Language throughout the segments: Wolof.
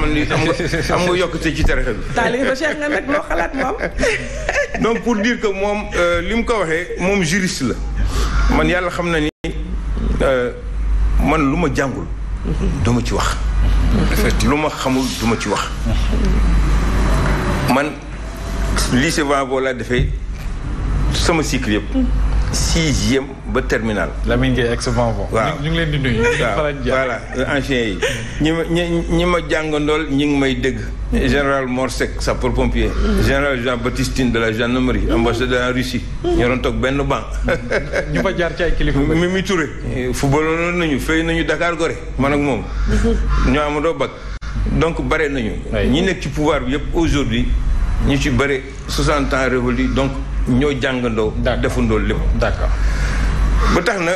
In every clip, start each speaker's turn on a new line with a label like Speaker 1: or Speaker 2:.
Speaker 1: man ni am nga am nga yokkute ci tarixa bi. taaliba Cheikh nga nag loo xalaat moom. donc pour dire que moom euh, li mu ko waxee moom juriste la man yàlla xam na ni euh, man lu ma jàngul. du ci wax. lu ma xamul du ma ci wax. man lycée Vavaux laa defee sama cycle yëpp. sixième ba terminal.
Speaker 2: Lamine Gueye ak sa vanvon. waaw ñu ngi leen di nuyu.
Speaker 1: voilà anciens yi. ñi ma ñi ma jàngandool ñi ngi may dégg. général Mor Seck sapeur pompier. général Jean Baptiste Tine de la gendarmerie ambassadeur en Russie. ñoo doon toog benn banc.
Speaker 2: ñu fa jaar ci ay kilifa. Mimi Touré.
Speaker 1: footballoon nañu fay nañu Dakar Gorée man ak moom. ñoo amandoo bag. donc bare nañu. ñi nekk ci pouvoir bi yëpp aujourd'hui ñu ci bare 60 ans révolu donc. ñoo jàngandoo. defandoo lépp. d'accord bu tax na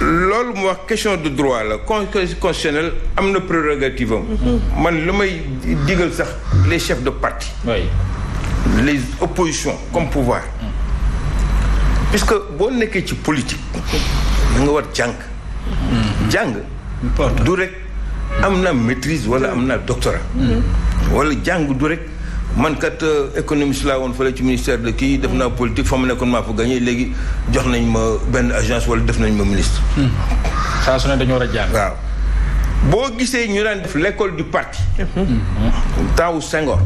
Speaker 1: loolu mu wax question de droit la conseil constitutionnel am na prérogative mhm. man lu may diggal sax les chef de parti. oui les oppositions comme pouvoir. Mhm. puisque boo nekkee ci politique. da nga war jàng. Mhm. jàng. du rek am na maîtrise wala am na doctorat. wala jàng du rek. man kat euh, économiste laa woon fële ci ministère de kii def naa politique fa mu nekkoon maa fa gagné léegi jox nañ ma benn agence wala def nañ ma ministre. Hmm. saa su ne dañoo war a jaar. waaw boo gisee ñu daan def l' école du parti. Hmm. taawu Senghor.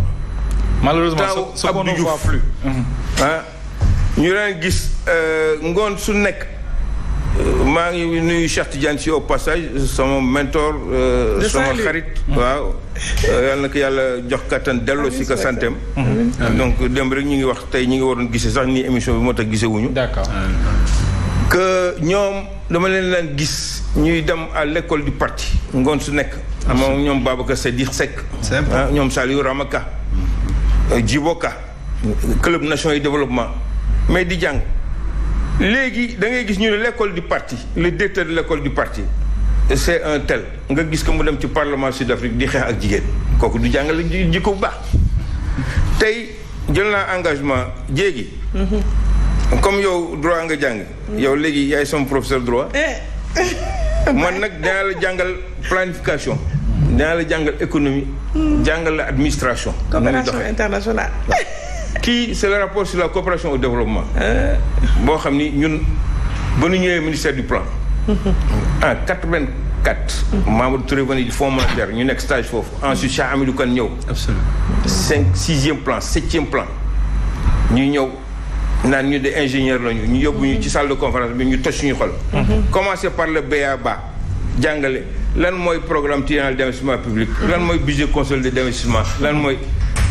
Speaker 1: malheureusement taawu Abdou Diouf hmm. ah ñu daan gis euh, ngoon su nekk. maa ngi nuyu Cheikh Tidiane si au passage sama mentor. Euh, sama xarit mm-hmm. waaw. Euh, yal na ko yàlla jox kattan delloo si ko santem mm-hmm. donc dem rek ñu ngi wax tey ñu ngi waroon gisee sax ni émission bi moo tax gisee wuñu. ñoom dama leen daan gis ñuy dem à l'école du parti. ngoon su nekk. moom ñoom Babacar Sadikh Seck. Ah, ñoom Saliou Ramaka. Euh, Djiboka. club nation et développement mais di jàng. léegi dangay gis ñu ne lekkool école du parti le directeur lekkool l' du parti c' est un tel nga gis ko mu dem ci parlement sud afrique di xeex ak jigéen kooku du jàngale jikko bu baax tey jël naa engagement jéegi mhm. comme yow droit nga jàng mhm. yow léegi yaay sama professeur droit
Speaker 2: eh.
Speaker 1: man nag dinaa la jàngal planification dinaa la jàngal économie mhm. jàngal la administration coopération internationale kii c'est le rapport sur la coopération au développement eh. boo xam ni ñun ba nu ñëwee ministère du plan en 84 Mamadou Touré venu du fonds monétaire ñu nekk stage foofu ensuite Cheikh Hamidou Kane ñëw cinq sixième plan septième plan ñu ñëw naan ñu de ingénieur lañu ñu yóbbu ñu ci salle de conférence bi ñu toj suñu xol mhm. commencer par le ba jàngale lan mooy programme triennal d'investissement public lan mooy budget consolidé d'investissement lan mooy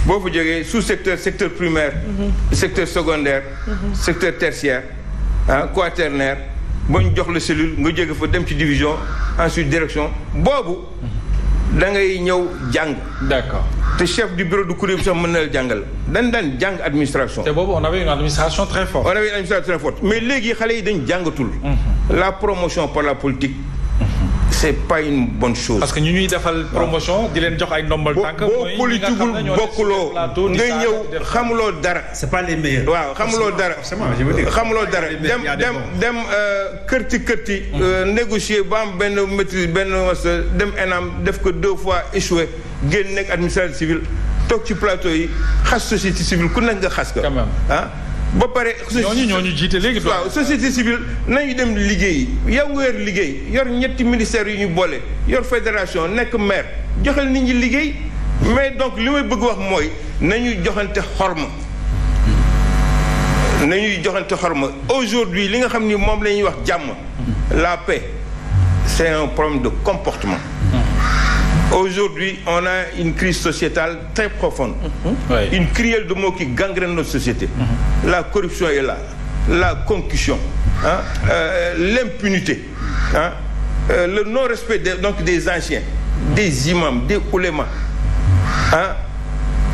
Speaker 1: boo fa jógee sous secteur secteur primaire. Mhm. secteur secondaire. Mhm. secteur tertiaire ah quaternaire ba ñu jox la cellule nga jóge fa dem ci division ensuite direction boobu da ngay ñëw jàng. d'accord. te chef du bureau du kuréel sax mën na jàngal dañ daan jàng administration. te boobu on avait
Speaker 2: une administration très forte. on
Speaker 1: avait une administration très forte mais léegi xale yi dañ jàngatul. Mhm. la promotion par la politique. c'est pas une bonne chose. parce que ñu ñuy defal promotion di leen jox ay ndombal tànk. boo politigul bokkuloo nga ñëw xamuloo dara. c'est pas les meilleurs. waaw xamuloo dara xamuloo dara dem dem dem euh, kërti kërti. Mm. Euh, négocier ba am benn maîtrise benn dem ENAM def ko deux fois échoué génn nekk administration civile toog ci plateau yi xas société civile ku nekk nga xas ko. ah. ba pare. ñooñu ñooñu jiite léegi. waaw société civile nañu dem liggéey yow nga yor liggéey yor ñetti ministères yu ñu boole yor fédération nekk maire joxel nit ñi liggéey mais donc li may bëgg wax mooy nañu joxante xorma. nañuy joxante xorma aujourd'hui li nga xam ni moom la ñuy wax jàmm. la paix c'est un problème de comportement. Aujourd'hui, on a une crise sociétale très profonde. Mm-hmm. Une crielle de mots qui gangrène notre société. Mm-hmm. La corruption et là, la concussion, hein, euh, l'impunité, euh, le non-respect de, donc des anciens, des imams, des oulémas. Hein.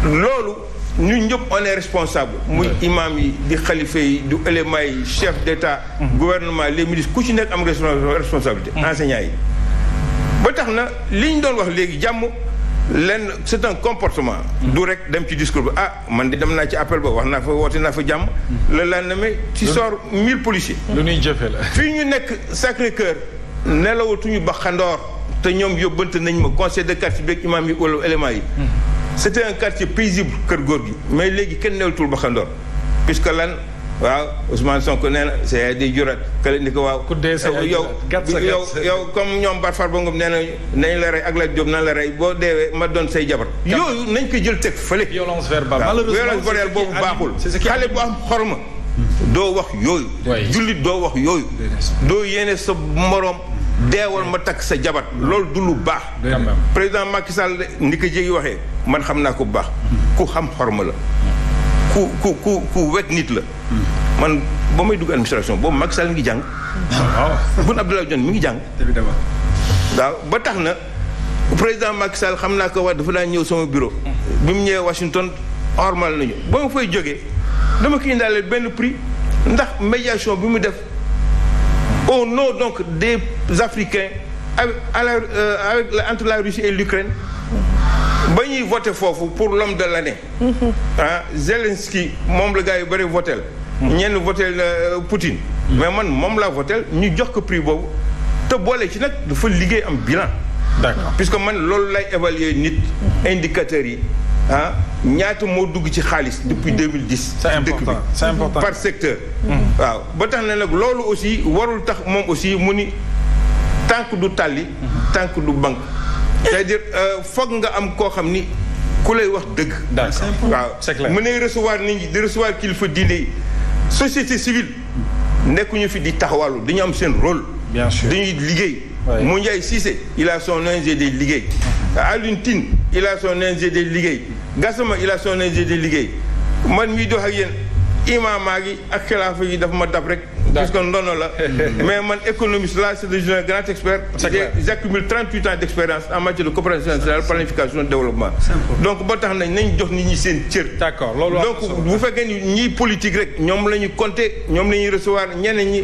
Speaker 1: Loolu ñun ñëpp on est responsable. muy imam yi di xalifa yi du ouléma yi chef d'état. Mm-hmm. gouvernement les ministres ku ci nekk am responsabilité. enseignants yi. ba tax na li ñu doon wax léegi jàmm lenn c'est un comportement. Mm-hmm. du rek dem ci discours bi ah man di dem naa ci appel ba wax naa fa woote naa fa jàmm. le lendemain ci sort mille policiers. lu ñuy jëfe la. fii ñu nekk Sacré-Cœur nelawatuñu ba xandoor te ñoom yóbbante nañ ma conseil de quartier beeg imam yi wala élément yi. Mm-hmm. c'était un quartier paisible kër góor gi mais léegi kenn newatul ba xandoor que lan. waaw Ousmane Sonko nee na c'est di jurat kële ni ko waaw. ku dee sa yow yow yow comme ñoom bar far Bongo nee nañu nañ la rey ak la Diop nan la rey boo deewee ma doon say jabar. yooyu nañ ko jël teg fële. violence verbale malheureusement violence boobu baaxul. xale bu am xorma. doo wax yooyu. jullit doo wax yooyu. doo yéene sa moroom. deewal ma takk sa jabat loolu du lu baax. président Macky Sall ni ko waxee man xam naa ko bu baax. Mm. ku xam xorma la. ku ku ku ku wekk nit la. man ba may dugg administration boobu Macky mi ngi jàng. waaw Boun Abdallah mu ngi jàng. waaw ba tax na président Macky xam naa ko wax dafa laa ñëw sama bureau. bi mu ñëwee Washington normal nañu ba ma fay jógee dama ko indaale benn prix ndax médiation bi mu def au nom donc des Africains avec à la euh, entre la Russie et l'Ukraine ba ñuy voté foofu pour l'homme de l'année mm-hmm. ah Zelensky moom la gars yu bëri votel ñenn votel euh, Poutine mais man moom laa votel ñu jox ko prix boobu te boole ci nag dafa liggéey am bilan d'accord puisque man loolu lay évaluer nit indicateurs yi ah ñaata moo dugg ci xaalis depuis 2010 mm-hmm. dëkk bi c'est important par secteur mm-hmm. waaw ba tax na nag loolu aussi warul tax moom aussi mu ni tànk du tàlli tànk du banque c'est-à-dire euh, foog nga am koo xam ni ku lay wax dëgg. waaw c'est clair mën nay recevoir nit ñi di recevoir kilifa diine yi société civile nekkuñu fi di taxawalu dañu am seen role bien sûr dañuy liggéey. mu Ndiaye Cissé il a son liggéey. Alioune Tine il a son ingé liggéey. Gassama il a son liggéey man miy dox ak yéen imaam gi ak xilaafa yi dafa ma dab rek. puisque ndono la mais man économiste là c'est devenu un grand expert j'accumule 38 ans d'expérience en matière de coopération internationale planification développement donc ba tax nañ nañ jox nit ñi seen cër donc bu fekkee ni ñiy politique rek ñoom la ñu compter ñoom la ñuy recevoir ñeneen ñi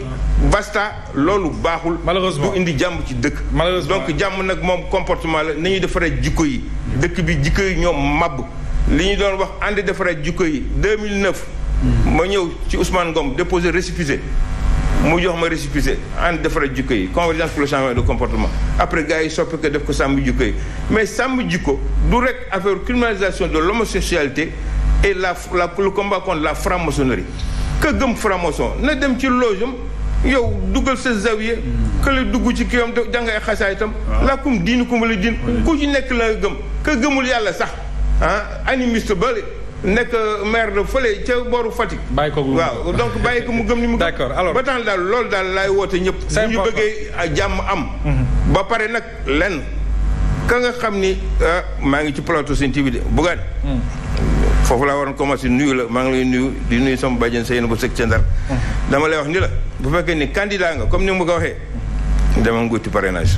Speaker 1: basta loolu baaxul du indi jàmm ci dëkk donc jàmm nag moom comportement la nañuy defaree jikko yi dëkk bi jikko yi ñoom màbb li ñu doon wax ànd defaree jikko yi 2009 hmm. ma ñëw ci Ousmane Ngom déposé récépissé mu jox ma récépissé en defara jikko yi convergence pour le de comportement après gars yi soppi ko def ko sàmm jikko yi mais sàmm jikko du rek affaire criminalisation de l'homosexualité et la la le combat contre la franc-maçonnerie que gëm franc na dem ci loge am yow dugal sa zawiye kële dugg ci kiyam jàng ay xasaay itam laa kum diinu kum la diin ku ci nekk la gëm que gëmul yàlla sax ah animiste bale nekk maire de fële ca booru Fatick. bàyyi ko waaw donc bàyyi ko mu gëm ni mu. d'accord alors ba tax daal lool daal laay woote ñëpp. bu ñu bëggee ah, jàmm am. Mm-hmm. ba pare nag lenn ka nga xam ni ah, maa ngi ci plateau Sen TV de Bougane.
Speaker 2: Mm-hmm.
Speaker 1: foofu laa waroon commencé nuyu la maa ngi lay nuyu di nuyu sama bàjjen Seyna ba sëg ca Ndar. Mm-hmm. dama lay wax ni la bu fekkee ni candidat nga comme ni mu ko waxee. dama nguuti parrainage.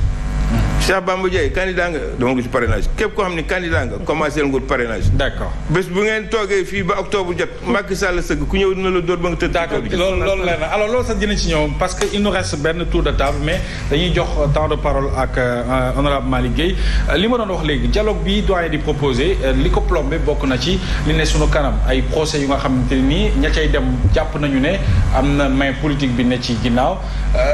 Speaker 1: Cheikh Bamba Dieye candidat nga dama gis parrainage képp koo xam ne candidat nga commencé ngul parrainage d'accord bés bu ngeen toogee fii ba octobre jot Macky Sall sëgg ku ñëw dina la
Speaker 2: dóor ba nga tëdd d'accord loolu loolu leer na alors loolu sax dina ci ñëw parce que il nous reste benn tour de table mais dañuy jox temps de parole ak euh, honorable Malick Gueye euh, li ma doon wax léegi dialogue bi doyen di proposé euh, li ko plombé bokk na ci li ne suñu kanam ay procès yu nga xamante nii ña cay dem jàpp nañu ne am na main politique bi ne ci ginnaaw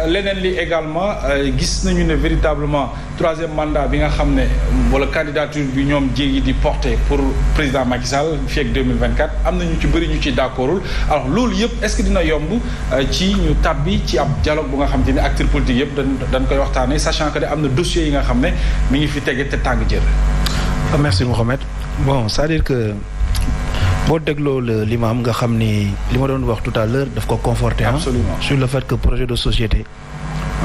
Speaker 2: leneen li également gis nañu ne véritablement troisième mandat bi nga xam ne wala candidature bi ñoom jéegi di porté pour président Macky Sall fii ak 2024 am na ñu ci bëri ñu ci d'accordul alors loolu yëpp est-ce que dina yomb euh, ci ñu tàbbi ci ab dialogue bu nga xam te ne acteurs politiques yëpp dañ dañ koy waxtaanee sachant que ne am na dossiers yi nga xam ne mi ngi fi tege te tàng jër.
Speaker 3: Ah, merci Mouhamed bon sa à dire que. boo dégloo li ma am nga xam ni li ma doon wax tout à l'heure daf ko conforté absolument sur le fait projet de société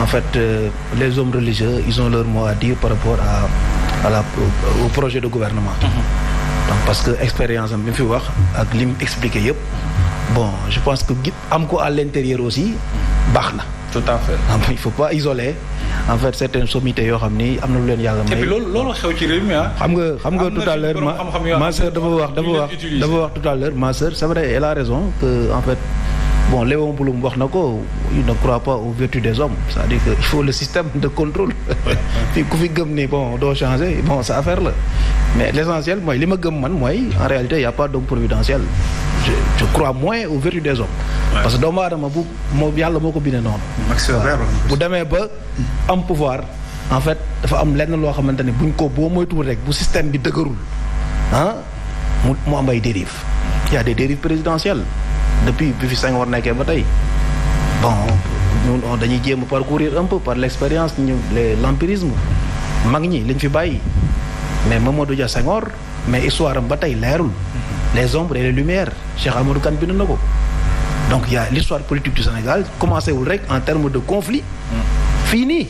Speaker 3: en fait, euh, les hommes religieux, ils ont leur mot à dire par rapport à, à la, au, au, projet de gouvernement. Mm -hmm. Donc, parce que l'expérience, je suis avec l'im expliqué, bon, je pense que Amko à l'intérieur aussi, bah, tout il faut pas isoler en fait certaines sommités yoo xam ni am na lu leen yàlla may. Ah. xam nga xam nga tout à l'heure ma ma dafa wax dafa wax tout à l'heure ma c'est vrai elle a raison que en fait. bon Léon Blum wax na ko il ne croit pas aux vertus des hommes cest à fii ku fi gëm ni bon doo changer bon sa affaire la mais l'essentiel mooy li ma gëm man mooy en réalité y a pas d'homme providentiel je parce que doomu aadama bu moo yàlla moo ko bindee noonu. bu demee ba am pouvoir en fait dafa am lenn loo xamante ne buñ ko boo moytuwul rek bu système bi dëgërul ah mu mu am ay dérives. y a des dérives depuis bi fi Senghor nekkee ba tey bon oh, dañuy jéem a parcourir un peu par l' expérience ñu l' empirisme mag ñi liñ fi bàyyi mais Mamadou Dia Senghor mais histoire am ba tey leerul les ombres et les lumières Cheikh Amadou Kane bind na ko donc y' a l'histoire politique du Sénégal commencé wul rek en terme de conflit fii nii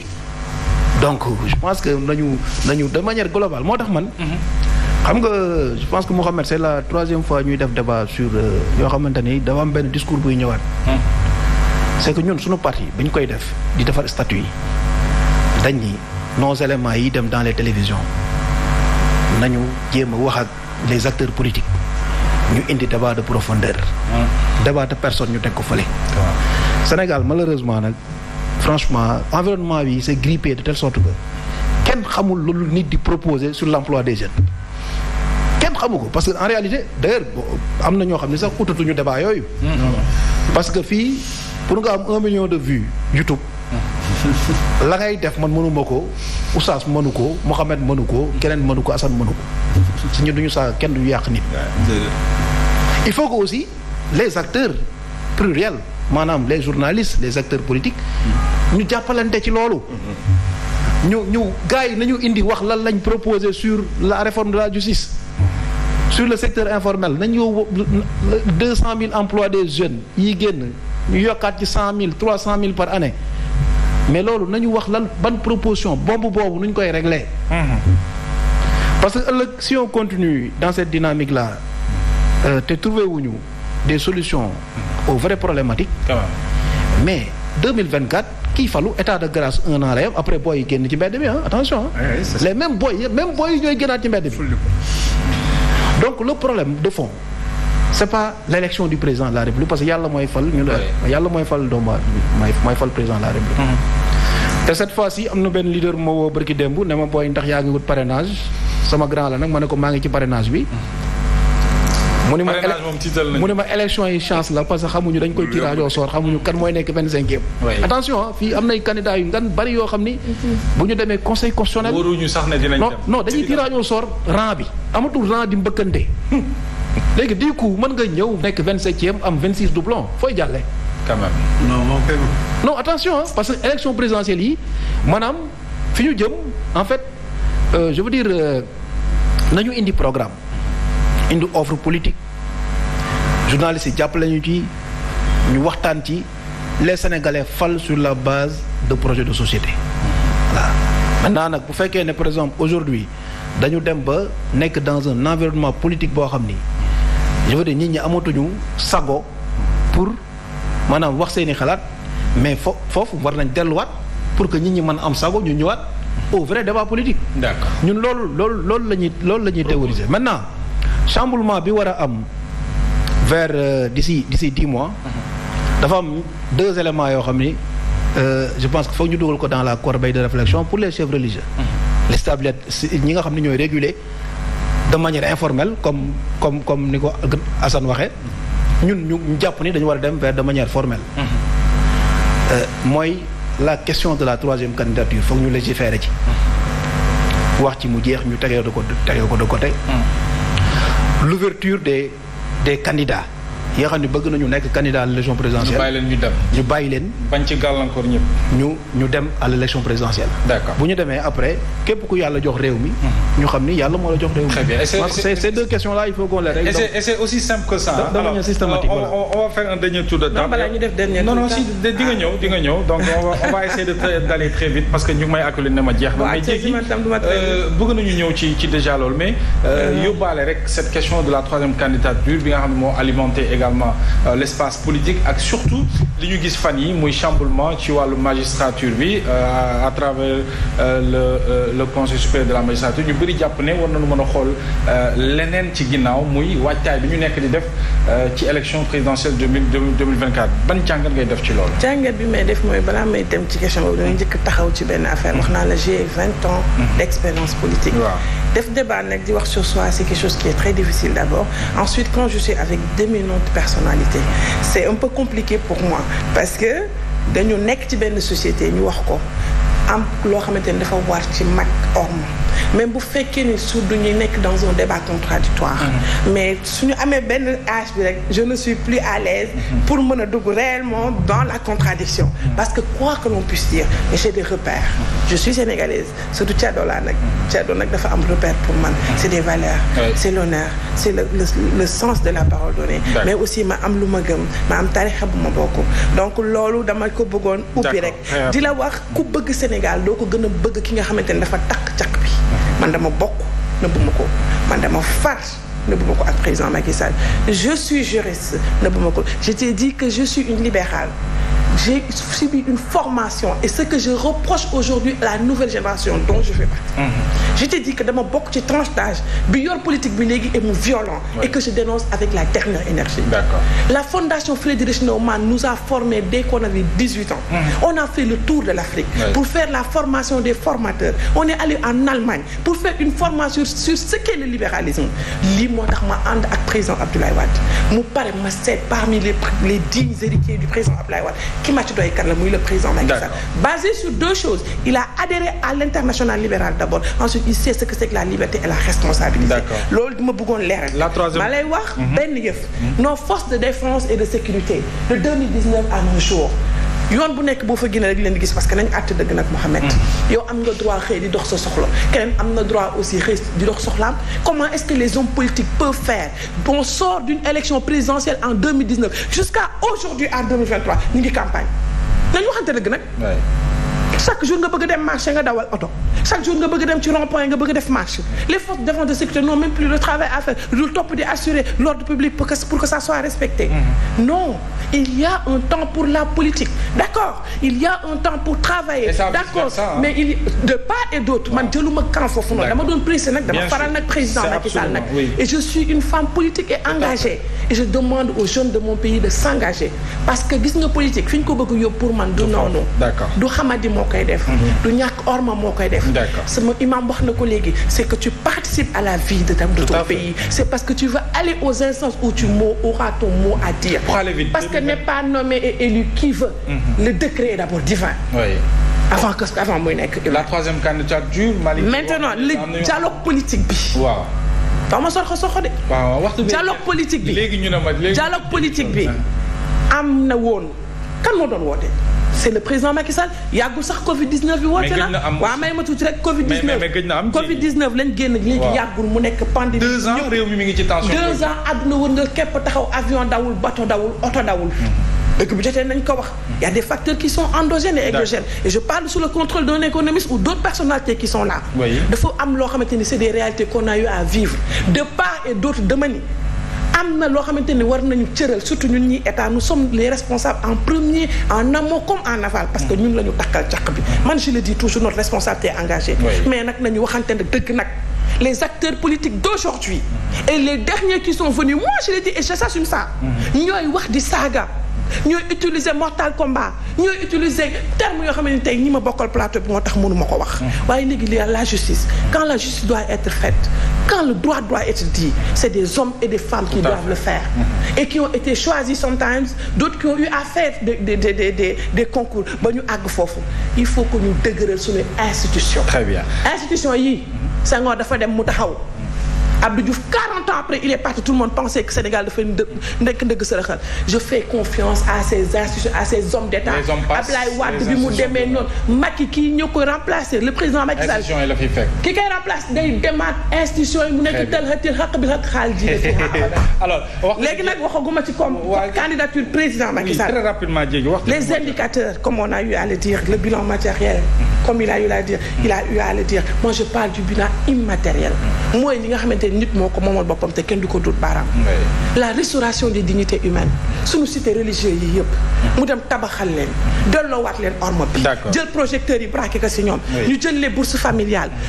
Speaker 3: donc je pense que nañu nañu de manière globale moo tax man mhm. xam nga je pense que Mouhamed c'est la troisième fois ñuy def débat sur euh, yoo xamante ni dafa am benn discours buy ñëwaat. Hmm. c'est que ñun suñu parti bañ koy def di defar statut yi dañ ni nos éléments yi dem dans les télévisions nañu jéem a wax ak les acteurs politiques ñu indi débat de profondeur. Hmm. débat personne ñu teg ko fële. Sénégal malheureusement nag franchement environnement bi c'est grippé de telle sorte que kenn xamul loolu nit di proposer sur l'emploi des jeunes. kenn xamu ko parce que en réalité d'ailleurs am na ñoo xam ne sax utatuñu débat yooyu. parce que fii pour nga am un de vues YouTube. la ngay def man mënuma ko Oustaz mënu ko Mouhamed mënu ko keneen mënu ko Assane mënu ko si ñun duñu saaga kenn duñu yàq nit. il faut que aussi les acteurs pluriels maanaam les journalistes les acteurs politiques. ñu jàppalante ci loolu. ñu ñu gars yi nañu indi wax lan lañ proposé sur la réforme de la justice. sur le secteur informel nañu yow deux cent mille emplois des jeunes yi génn ñu yokkaat ci cent mille trois cent mille par année mais loolu nañu wax lan ban proposition bombe boobu nu ñu koy régler mm-hmm. parce que ëllëg si on continue dans cette dynamique là euh, te trouver wuñu des solutions aux vraies problématiques mais 2024 kii falu état de grâce un an la yam après booy yi génn ci mbedd bi ah attention les mêmes booy yëpp même booy yi ñooy génnaat ci mbedd bi donc le problème de c'est pas l'élection du président de la République parce que yàlla mooy fal ñu la yàlla mooy fal doomu mooy fal président de la République mhm. te cette fois-ci am na benn leader moo woo bërki démb ne ma booy ndax yaa ngi wut parrainage sama grand la nag ma ne ko maa ngi ci parrainage bi mhm. mu ni ma mu ni ma élection yi chance la parce que xamuñu dañ koy tirage au sort xamuñu kan mooy nekk vingt cinquième attention ah, fii am nay candidat yu ngan bari yoo xam ni bu ñu demee conseil constitutionnel waruñu sax ne dinañ dem non dañuy tirage au sort bi amatul rang di mbëkkante léegi du mën nga ñëw nekk vingt septième am vingt six doublon fooy jàlle
Speaker 2: quand même non non
Speaker 3: non attention ah, parce que élection présidentielle yi maanaam fi ñu jëm en fait euh, je veux dire euh, nañu indi programme indi offre politique journalistes jàpp lañu ñu ci ñu waxtaan ci les sénégalais fal sur la base de projet de société voilà maintenant nag bu fekkee ne par exemple aujourd'hui dañu dem ba nekk dans un environnement politique boo xam ni je veux dire nit ñi amatuñu sago pour maanaam wax seeni xalaat mais fo foofu war nañ delluwaat pour que nit ñi mën am sago ñu ñëwaat au vrai débat politique. d'accord ñun loolu loolu loolu la ñuy loolu la ñuy théoriser maintenant. chamboulement bi war a am vers euh, d'ici d'ici dix mois dafa am deux éléments yoo xam ni euh, je pense que ñu dugal ko dans la corbeille de réflexion pour les chefs mhm. nga xam ne ñooy réguler de manière informelle comme comme comme ni ko Assane ñun ñu jàpp ni dañu war a dem de manière formelle mhm. euh, mooy la question de la troisième candidature foog ñu légiférer ci mhm. wax ci mu jeex ñu tegee ko tegee ko de l'ouverture des, des candidats. yi nga xam ne bëgg nañu nekk candidat à l' présidentielle. ñu bàyyi leen ñu dem ñu bàyyi leen. bañ ci gàllankoor ñëpp. ñu ñu dem à l' présidentielle. bu ñu demee après képp ku yàlla jox réew mi. Mhm. ñu xam ni yàlla moo la jox réew mi. très
Speaker 2: si di ñëw di ñëw donc on va on de d' très vite parce que ñu may acculer ne ma jeex. waaw mais jéegi euh, bëgg nañu ñëw ci déjà loolu mais euh, euh, yóbbaale rek cette question de la troisième candidature bi nga xam également euh, l'espace politique ak surtout li ñu gis fan yi muy chamboulement ci wàllu magistrature bi euh, à travers euh, le le conseil supérieur de la magistrature ñu bëri jàpp ne war nañu mën a leneen ci ginnaaw muy waajtaay bi ñu nekk di def ci élection présidentielle 2024
Speaker 4: ban jàngat ngay def ci loolu. jàngat bi may def mooy balaa may dem ci question boobu dañuy njëkk taxaw ci benn affaire mm-hmm. wax naa la j'ai vingt ans mm-hmm. d'expérience politique. def débat nag di wax sur soi c'est quelque chose qui est très difficile d'abord ensuite quand je suis avec d'éminentes personnalités c'est un peu compliqué pour moi parce que dañoo nekk ci benn société ñu wax ko am loo xamante ni dafa war ci mag orme mais bu fekkee ni su du ñuy nekk dans un débat contradictoire mm-hmm. mais suñu amee benn âge bi rek je ne suis plus à l'aise mm-hmm. pour mën a dugg réellement dans la contradiction mm-hmm. parce que quoi que l'on puisse dire mais j'ai des repères je suis sénégalaise surtout Thiado laa nag Thiado nag dafa am repère pour man c'est des valeurs c'est l'honneur c'est le, le, le sens de la parole donnée mais aussi ma am lu ma gëm ma am tarixa bu ma bokk donc loolu dama ko bëggoon ubbi rek di la wax ku bëgg Sénégal doo ko gën bëgg ki xamante ne dafa takk caq man dama bokk nëbbuma ko man dama far nëbbuma ko ak président Macky Sall je suis juriste nëbbuma ko je t'ai dit que je suis une libérale j'ai subi une formation et ce que je reproche aujourd'hui à la nouvelle génération dont je fais partie. Mhm. je te dis que dama bokk ci tranche d'âge bi yor politique bi léegi et mu violent et que je dénonce avec la dernière énergie. la fondation Friedrich Naumann nous a formés dès qu'on mhm. a fait le tour de l'Afrique. pour faire la formation des formateurs on est allé en Allemagne pour faire une formation sur ce qu'est le libéralisme lii moo tax ma ànd ak président Abdoulaye Wade ma seet parmi les les ki ma ci doy la muy le président Macky Sall basé sur deux choses il a adhéré à l'international libéral d'abord ensuite il sait ce que c'est que la liberté et la responsabilité loolu di ma bëggoon leeral ma lay wax mhm. benn yëf mhm. nos de défense et de sécurité de yoon bu nekk boo fa génnee rek leen di gis parce que nañ àtte dëgg nag Mohamed mm. yow am nga droit xëy di dox sa soxla keneen am na droit aussi xëy di dox soxlaam comment est les hommes politiques peuvent faire on sort d'une élection présidentielle en 2019 jusqu'à aujourd'hui en 2023 ñu ngi campagne nañ waxante dëgg nag chaque jour nga bëgg dem marché nga dawal oto chaque jour nga bëgg dem ci rond point nga bëgg def marche les forces de défense de sécurité n'ont même plus de travail à faire dul topp l'ordre public pour que pour que ça soit respecté. Mm-hmm. non il y a un temps pour la politique d'accord il y a un temps pour travailler. d'accord mais il de part et d'autre man ah. jëluma camp foofu noonu dama doon préciser nag dama faral nag président nag et je suis une femme politique et engagée et je demande aux jeunes de mon pays de s'engager parce que gis fi ñu ko bëgg yóbbu pour man du noonu du xamadi moo koy def mm-hmm. du ñàkk d'accord sama imam wax na ko léegi c'est que tu participes à la vie de ton pays c'est parce que tu vas aller aux instances où tu mot auras ton mot à dire parce que n'est pas nommé et élu qui veut mhm. le décret est d'abord divin oui avant que avant muy nekk
Speaker 2: la troisième candidature Malick maintenant dialogue
Speaker 4: politique bi waaw tax ma soxla soxla de waaw waxtu bi dialogue politique bi léegi ñu ne ma dialogue politique bi mhm. am na woon kan moo doon woote c'est le président Macky Sall yàggul sax Covid 19 bi woote na waaw may ma tuuti rek Covid 19 Covid 19 lañ génn yàggul mu nekk pandémie. deux ans réew mi mi nga képp taxaw avion dawul bateau dawul oto dawul. Hmm. dëkk bu jotee nañ ko wax y a des facteurs qui sont endogènes et exogènes et je parle sous le contrôle d'un économiste ou d'autres personnalités qui sont là. dafa am loo xamante ni c'est des réalités qu'on a eu à vivre de part et d'autre ni am na loo xamante ne war nañu cëral surtout ñun ñi état nous sommes les responsables en premier en amont comme en aval parce que ñun la ñu takkal càq bi man je le dis toujours notre responsabilité est engagée mais nag nañu waxante ne dëgg nag les acteurs politiques d'aujourd'hui et les derniers qui sont venus moi je le dis et je s'assume mm-hmm. ñooy wax di saaga ñooy utiliser mortal combat ñooy utiliser terme yoo xam ne tey ñi ma bokkal plateau bi moo tax mënu ma ko wax. Mm-hmm. waaye léegi li la justice quand la justice doit être faite quand le droit doit être dit c'est des hommes et des femmes qui doivent le faire. Mm-hmm. et qui ont été choisis sometimes d'autres qui ont eu à faire des des des des des concours ba ñu àgg foofu il faut que ñu dëgëral suñu institution. très bien institution yi Senghor dafa dem mu daxaw Abdou Diouf 40 ans après il est parti tout le monde pensait que Sénégal dafay nekk ndëgg sërëxal je fais confiance à ces institutions à ces hommes d'État Ablaye Wade bi mu demee noonu Macky kii ñoo koy remplacer le président Macky Sall ki koy remplacer day demaat institution yi mu nekk tel xëtil xaq bi xaq xaal ji alors léegi nag waxaguma ci comme candidature président Macky Sall très rapidement les indicateurs comme on a eu à le dire le bilan matériel comme il a eu à le dire il a eu à le dire moi je parle du bilan immatériel mm. mooy li nga xamante réalité nit moo ko moomal boppam te kenn du ko dul baaraam. la restauration des dignités humaines suñu cité religieux yi yëpp. mu dem tabaxal leen delloowaat leen orma bi. jël projecteurs yi braqué ko si ñoom. ñu jël les bourses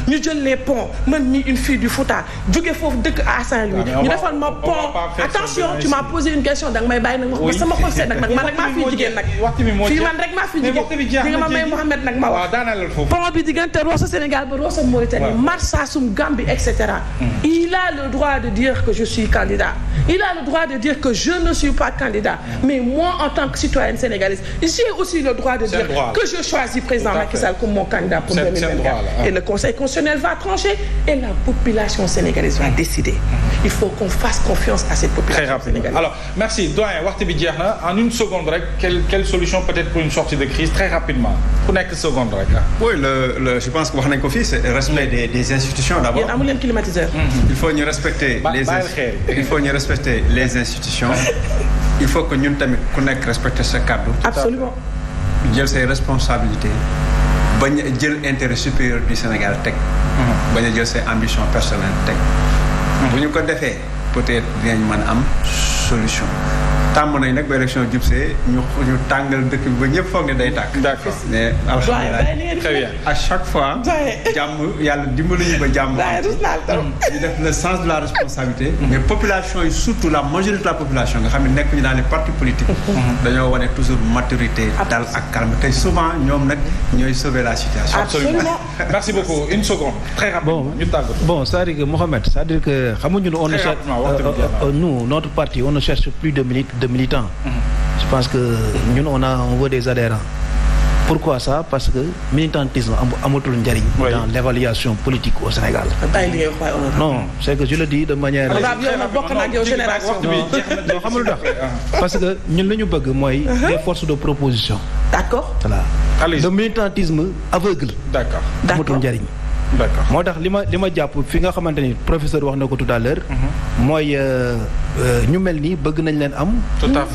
Speaker 4: ñu jël les ponts man mii une fille du Fouta jóge foofu dëkk à Saint-Louis. Ah, ñu defal ma pont attention tu m'as posé une question danga may bàyyi nag ma sama xol seet nag man rek maa fi jigéen nag. fii man rek maa fi jigéen nga ma may Mouhamed il a le droit de dire que je suis candidat. Il a le droit de dire que je ne suis pas candidat. Mais en tant que citoyenne sénégalaise, que je choisis président Macky Sall comme mon candidat pour 2024. Conseil constitutionnel va trancher et la population sénégalaise va décider. Il faut qu'on fasse confiance à cette population sénégalaise. Alors, merci. Doyen, waxtu bi jeex na en une seconde
Speaker 2: rek quelle quelle solution peut-être crise très rapidement ku nekk que
Speaker 1: wax nañ ko fii c'est respect des des faut ñu respecter les il faut ñu respecter les institutions il faut que ñun tamit ku nekk respecter sa kàddu absolument jël say responsabilité bañ jël intérêt supérieur du Sénégal teg mhm. bañ a jël say ambition personnel teg mhm. bu ñu ko defee peut-être dinañ mën am solution tàmm nañ nag ba élection jub see
Speaker 2: ñu ñu tàngal dëkk bi ba ñëpp foog ne day tàkk. d'accord mais alhamdulilah a chaque fois. jàmm yàlla dimbali ñu ba jàmm. ñu def le la
Speaker 1: responsabilité. mais population yi surtout la majorité de la population nga xam ne nekk ñu dans les partis politiques. Mhm. dañoo
Speaker 2: wane toujours maturité. dal ak calme tey souvent ñoom nag ñooy sauver la situation. absolument merci beaucoup une seconde. très rapidement ñu tàggatoo
Speaker 3: bon c'est-à-dire que notre parti on ne cherche plus de minutes militants. je pense que ñun on a on des adhérents. pourquoi ça parce que militantisme amatul njariñ. dans l'évaluation politique au Sénégal. non c'est que je le dis de manière. non xamul tax parce que ñun li ñu bëgg mooy. Uh-huh. des forces de proposition. d'accord voilà. le militantisme aveugle. d'accord d'accord moo tax li ma li ma jàpp fi nga xamante ni professeur wax na ko tout mhm. mooy euh, euh, ñu mel nii bëgg nañ leen am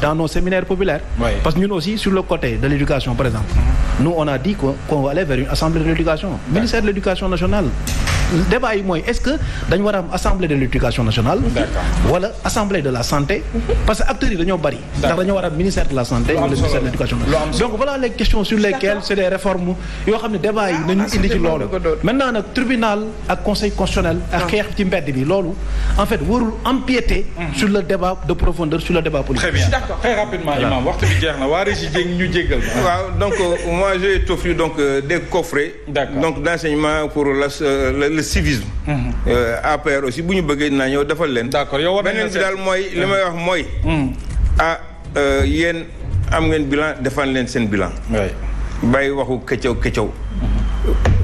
Speaker 3: dans nos séminaires populaires parce que ñun aussi sur le côté de l'éducation par exemple mhm. nous on a dit qu'on va aller vers une assemblée de l'éducation ministère de l'éducation nationale débat yi mooy est-ce que dañu war am assemblée de l'éducation nationale. wala assemblée de la santé. Mhm. parce que acteurs yi dañoo bari. ndax dañoo war am ministère de la santé. wala ministère de l'éducation nationale les questions c'est des réformes yoo xam ne débat yi ah, nañu ah, indi ci loolu. maintenant nag tribunal ak conseil constitutionnel. ak ah. xeex ci mbedd bi loolu en fait warul empiéter. Mhm. sur le débat de profondeur sur le débat politique. très bien d'accord très
Speaker 1: waxtu bi civisme. Euh, APR aussi bu ñu bëggee naa ñëw defal leen. d'accord yow war beneen bi daal mooy li may wax mooy. Hmm. ah euh, yéen am ngeen bilan defal leen seen bilan. bàyyi waxu këcaw këcaw.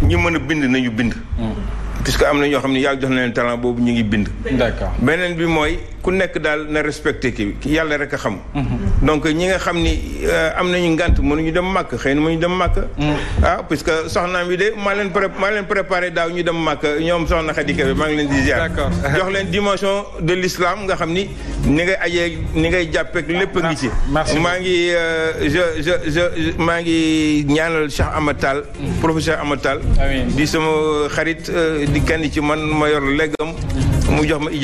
Speaker 1: ñi mën a bind nañu bind. Hmm. que am na ñoo xam ne yàlla jox na leen talent boobu ñu ngi bind. d'accord beneen bi mooy ku nekk daal na respecté kii yàlla rek a xam. Hmm. donc ñi nga xam ni euh, am nañu ngànt mënuñu dem màkk xëy na ñu dem màkk mm. ah que soxnaam bi de maa leen maa leen préparé daaw ñu dem màkk ñoom soxna Khady Kébé maa ngi leen di ziar jox leen dimension de am nga xam ni ni ngay ajee ni ngay jàppeek lépp ngi ci maa ngi euh, je maa ngi ñaanal Cheikh Ahmad Tall mm. professeur Ahmad di sama xarit euh, di kenn ci man ma yor léggam mu jox ma